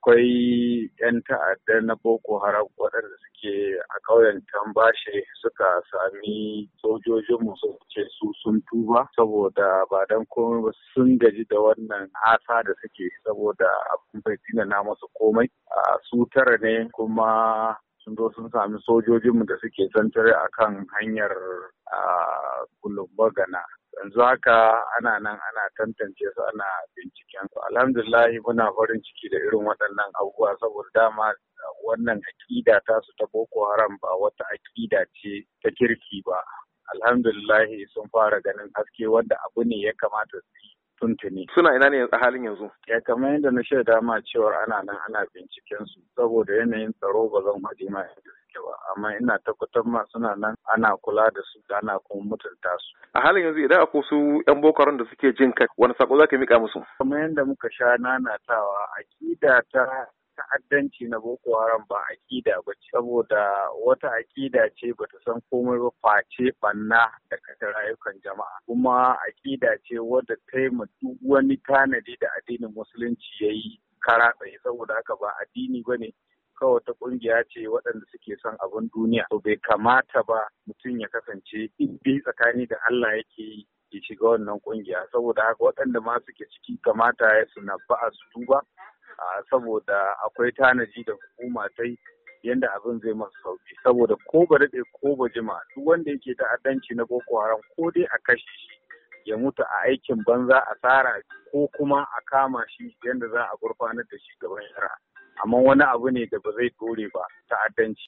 akwai 'yan ta'adda na Boko Haram waɗanda suke a ƙauyen Tambashe suka sami sojojinmu su ce su sun tuba saboda ba dan komai ba sun gaji da wannan asa da suke saboda abin bai na masu komai. Su tara ne kuma sun zo sun sami sojojinmu da suke zantare a kan hanyar Kulumbagana. Yanzu haka ana nan ana tantance su ana bincike. alhamdulillah muna farin ciki da irin waɗannan abubuwa saboda dama wannan aƙida ta su ta boko haram ba wata aƙida ce ta kirki ba alhamdulillah sun fara ganin haske wanda abu ne ya kamata su yi tuntuni. Suna ina ne a halin yanzu? Ya eh, kamar yadda na shaida ma cewar ana nan ana binciken su saboda yanayin tsaro ba zan haɗe ma ba amma ina tabbatar ma suna nan ana kula da su ana kuma mutunta su. A halin yanzu idan akwai su 'yan bokaron da suke jin kai wani sako za ka mika musu? Kamar yadda muka sha nanatawa akida ta ta'addanci na Boko Haram ba aƙida ba saboda wata aƙida ce ba ta san komai ba face banna da kashe rayukan jama'a kuma aƙida ce wadda ta yi duk wani tanadi da addinin musulunci ya yi kara tsaye saboda haka ba addini ba ne kawai wata ƙungiya ce waɗanda suke son abin duniya to bai kamata ba mutum ya kasance bi tsakani da Allah yake yi ya shiga wannan ƙungiya, saboda haka waɗanda ma suke ciki kamata ya su naba'a a su duba. saboda akwai tanaji da hukuma ta yi yadda abin zai masu sauki saboda ko ba daɗe ko ba jima duk wanda yake ta'addanci na boko haram ko dai a kashe shi ya mutu a aikin banza a tsara ko kuma a kama shi yadda za a gurfanar da shi gaban shari'a amma wani abu ne da ba zai dore ba ta'addanci